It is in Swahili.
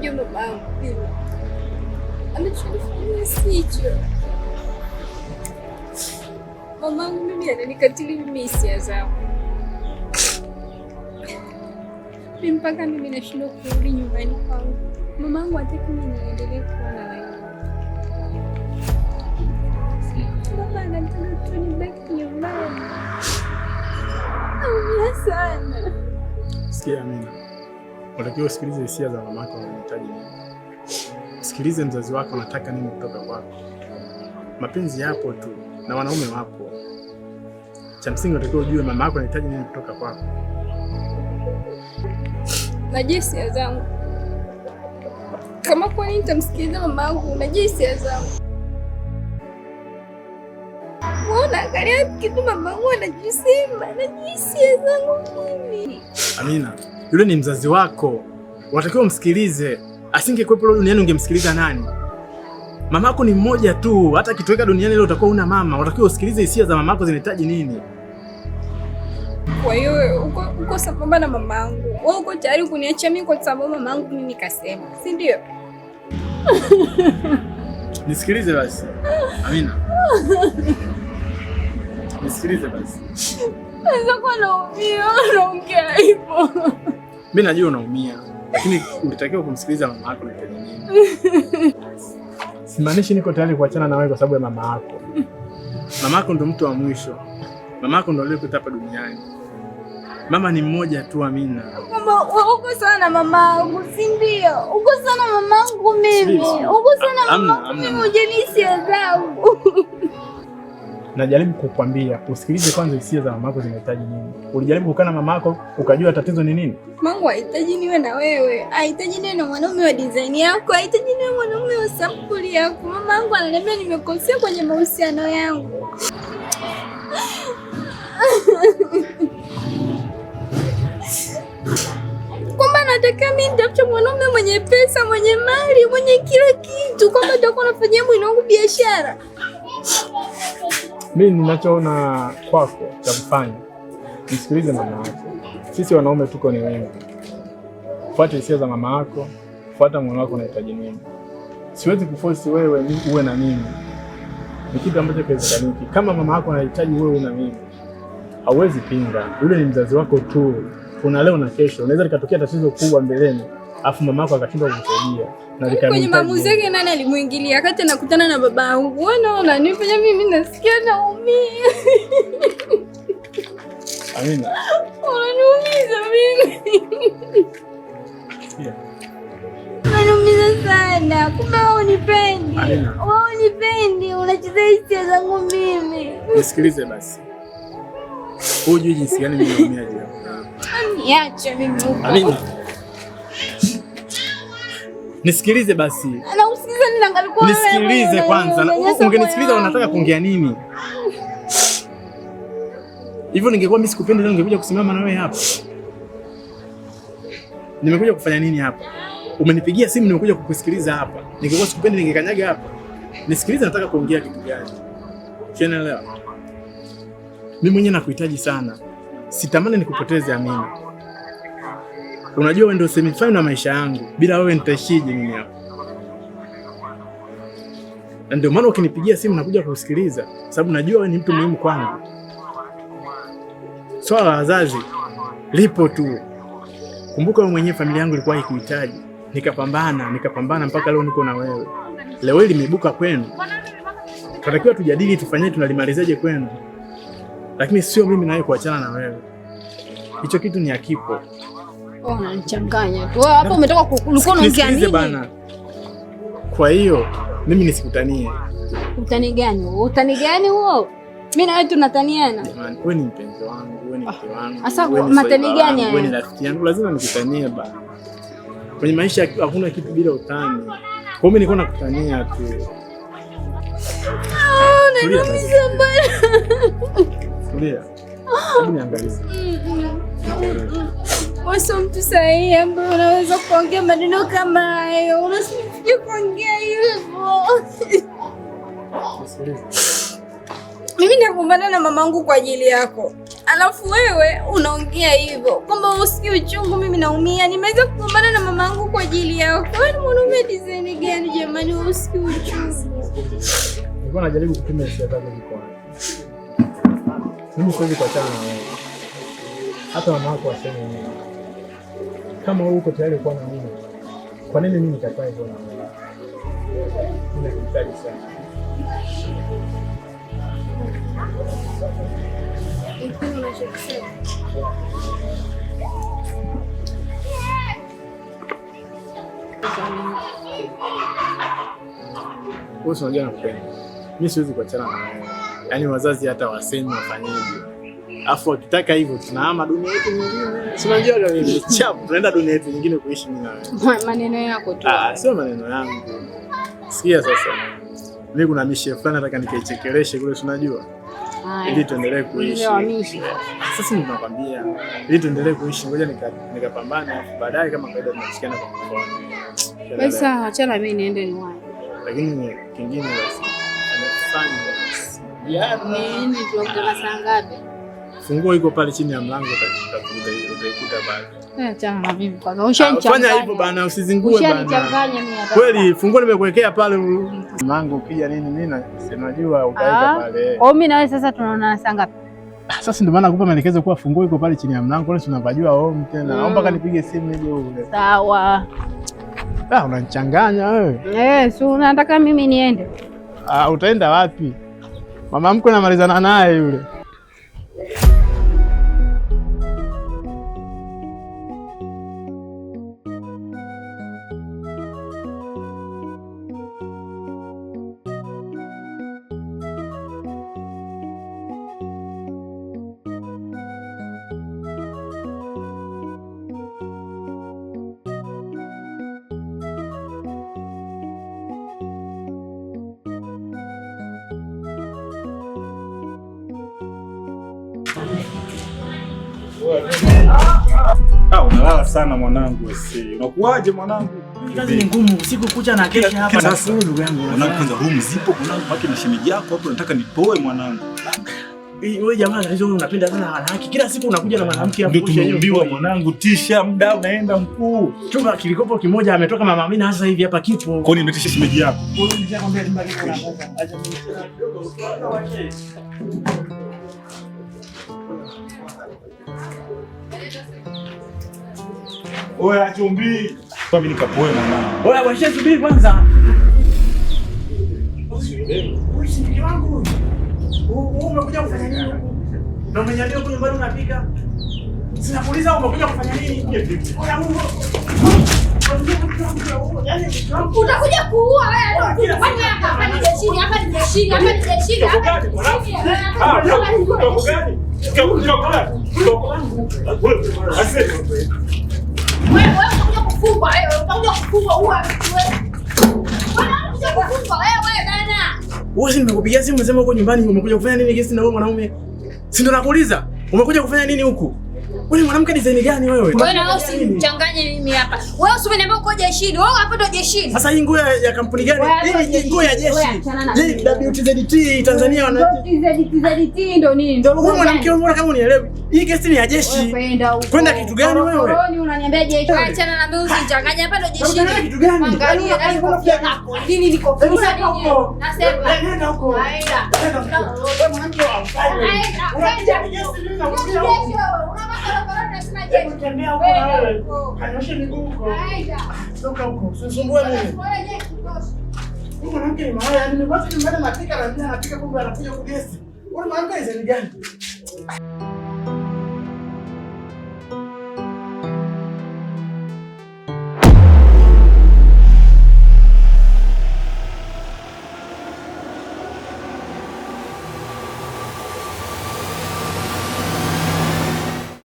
Unajua mama yangu pia sicho. Mama yangu mimi ananikatili mimi hisia zangu mi mpaka mimi nashindwa kurudi nyumbani kwangu. Mama yangu hataki mimi niendelee wewe. Mama anataka tu nibaki nyumbani. Naumia sana. Sikia Amina unatakiwa usikilize hisia za mama yako, anahitaji nini. Usikilize mzazi wako anataka nini kutoka kwako. Mapenzi yapo tu na wanaume wapo. Cha msingi unatakiwa ujue mama yako anahitaji nini kutoka kwako. Najua hisia zangu, kama kwa nini nitamsikiliza mama yangu? Najua hisia zangu, naangalia kitu mama yangu anajisema, najua hisia zangu mimi. Amina yule ni mzazi wako, watakiwa umsikilize. Asingekuwepo leo duniani ungemsikiliza nani? Mamako ni mmoja tu, hata akitoweka duniani leo utakuwa una mama. Watakiwa usikilize hisia za mamako zinahitaji nini. Kwa hiyo uko, uko sababu na mamangu. Wewe uko tayari kuniacha mimi kwa sababu mamangu mimi nikasema, si ndio? Nisikilize basi. Amina. Nisikilize basi. Naweza kuwa naumia, naongea hivyo. Mi najua unaumia, lakini ulitakiwa kumsikiliza mama yako. Simaanishi niko tayari kuachana na wewe kwa sababu ya mama yako. Mama yako ndo mtu wa mwisho, mama yako ndo aliyekuleta hapa duniani. Mama ni mmoja tu, Amina. Uko sana mamangu, si ndio? Uko sana mamangu, mimi uko sana mamangu, mimi ujanisi adhabu najaribu kukwambia usikilize kwanza, hisia za mama zinahitaji nini. Ulijaribu kukaa na mama ukajua tatizo ni nini? Mangu hahitaji niwe na wewe, ahitaji niwe na mwanaume wa design yako, hahitaji niwe mwanaume wa sampuli yako. Mama yangu ananiambia nimekosea kwenye mahusiano yangu. kwamba nataka mimi nitafute mwanaume mwenye pesa, mwenye mali, mwenye kila kitu, kwamba nitakuwa nafanyia mwili wangu biashara mi ninachoona kwako cha kufanya, msikilize mama yako. Sisi wanaume tuko ni wengi. Fuata hisia za mama yako, fuata mwana wako unahitaji nini. Siwezi kuforce wewe uwe na mimi, ni kitu ambacho kiwezekaniki. Kama mama yako anahitaji wewe una mimi, hauwezi pinga. Yule ni mzazi wako tu, kuna leo na kesho. Unaweza likatokea tatizo kubwa mbeleni afu mama mamako akashindwa kumsaidia yaani kwenye maamuzi yake. Nani alimuingilia kati? Nakutana na baba yangu, wanaona nifanya mimi, nasikia naumia. Amina, unaniumiza mimi, unaniumiza sana. Kumbe wewe unipendi, wewe unipendi, unacheza hisia zangu mimi. Nisikilize basi, hujui jinsi gani mimi naumia. Niache mimi. Amina. Nisikilize basi. Nisikilize kwanza. Ungenisikiliza unataka kuongea nini? Hivyo ningekuwa mimi sikupendi leo ningekuja kusimama na wewe hapa. Nimekuja kufanya nini hapa? Umenipigia simu nimekuja kukusikiliza hapa. Ningekuwa sikupendi ningekanyaga hapa. Nisikilize, nataka kuongea kitu gani? Unaelewa? Mimi mwenyewe nakuhitaji sana. Sitamani nikupoteze Amina. Unajua wewe ndio semi final ya maisha yangu, bila wewe nitaishije mimi hapa? Na ndio maana ukinipigia simu nakuja kusikiliza, sababu najua wewe ni mtu muhimu kwangu. Swala la wazazi lipo tu. Kumbuka wewe mwenyewe, familia yangu ilikuwa ikuhitaji, nikapambana nikapambana mpaka leo niko na wewe. Leo hili limeibuka kwenu, tunatakiwa tujadili, tufanye tunalimalizaje kwenu, lakini sio mimi na wewe kuachana na wewe. Hicho kitu ni hakipo. Unanichanganya oh, mm. tu hapo, umetoka ulikuwa unaongea nini bana? Kwa hiyo mimi nisikutanie. Utani gani Utani gani huo? Mimi na wewe tunataniana. Jamani, wewe ni mpenzi wangu, wewe ni mke wangu. Ah, sasa matani gani haya? Wewe ni rafiki yangu, lazima nikutanie bana. Kwenye maisha hakuna kitu bila utani. Kwa hiyo mimi nilikuwa nakutania tu. Ah, Tulia. Niangalie. Mm, mm. Wewe mtu sahihi ambaye unaweza kuongea maneno kama hayo, unasifia kuongea hivyo. Mimi nakumbana na mamangu kwa ajili yako, alafu wewe unaongea hivyo kwamba usikii uchungu. Mimi naumia, nimeweza kukumbana na mamangu kwa ajili yako. Wewe mwanaume design gani jamani? Usikii uchungu. najaribu kupima hisia zako Mimi siwezi kuachana na wewe, hata mama yako aseme nini kama wewe uko tayari kuwa na mume, kwa nini mimi nitakae kuwa na mume? Ninakuhitaji sana. unajua nakupenda. Mimi siwezi kuachana na wewe. Yaani wazazi hata wasemi wafanyeje Afu akitaka hivyo tunahama dunia yetu nyingine. Si unajua leo ni chapu, tunaenda dunia yetu nyingine kuishi mimi na wewe. Maneno yako tu. Ah, sio maneno yangu. Sikia sasa. Mimi kuna mishe fulani nataka nikaichekeleshe kule tunajua. Ili tuendelee kuishi. Sasa ninakwambia, ili tuendelee kuishi, ngoja nikapambane afu baadaye kama kawaida tunashikana kwa mkono. Sasa achana mimi niende ni wapi? Lakini kingine basi. Anafanya. Yaani tuongelee saa ngapi? Funguo iko pale chini ya mlango utaikuta pale. Achana eh, na mimi kwanza. Ushanichanganya. Ah, fanya hivyo bana, usizungue bana. Ushanichanganya mimi hapa. Kweli funguo nimekuwekea pale mlango pia nini nina ah, oh, na sinajua utaenda pale. Au mimi nawe sasa tunaona saa ngapi? Ah, sasa ndio maana kupa maelekezo kuwa funguo iko pale chini ya mlango, na tunapajua au tena. Naomba mm. kanipige simu ili uje. Sawa. Ah, unanichanganya wewe. Eh, si unataka mimi niende. Ah, utaenda wapi? Mama mkwe namalizana naye yule. Ah, unalala sana mwanangu. Unakuaje mwanangu? Kazi ni ngumu usiku kucha na kesha hapa. Sasa ndugu yangu, mwanangu, kwanza room zipo mwanangu, baki na shemeji yako hapo, nataka nipoe mwanangu. Wewe jamaa unapenda sana wanawake. Kila siku unakuja na mwanamke hapo. Ndio tumeambiwa mwanangu, tisha muda unaenda mkuu. Chumba kilikopo kimoja ametoka mama Amina sasa hivi hapa kipo. Kwa nini umetisha shemeji yako? Oya chumbi. Mimi nikapoe mwanangu. Oya washe subiri kwanza. Utakuja kuua wewe. Wewe nimekupigia simu, umesema uko nyumbani. Umekuja kufanya nini gesti na wewe mwanaume? Si ndo nakuuliza, umekuja kufanya nini huku? Wewe mwanamke design gani wewe? Wewe na wewe usichanganye mimi hapa. Wewe usiniambie uko jeshi. Wewe hapo ndo jeshi. Sasa hii nguo ya kampuni gani? Hii ni nguo ya jeshi. Hii WTZT Tanzania wana WTZT ZT ndo nini? Ndio wewe mwanamke wewe kama unielewi. Hii kesi ni ya jeshi. Kwenda kitu gani wewe? Wewe ni unaniambia jeshi. Acha na naambia usichanganye hapa ndo jeshi. Kwenda kitu gani? Angalia hapo kwa kia hapo. Nini niko? Nasema. Nenda huko. Haida. Wewe mwanamke wa mfalme. Haida. Kwenda jeshi. Hebu tembea huko na wewe. Kanyoshe miguu huko. Toka huko. Usisumbue mimi. Huyu mwanamke ni mahali, yaani mwanamke anapika na mimi anapika kumbe anakuja kugesi. Huyu mwanamke ni gani?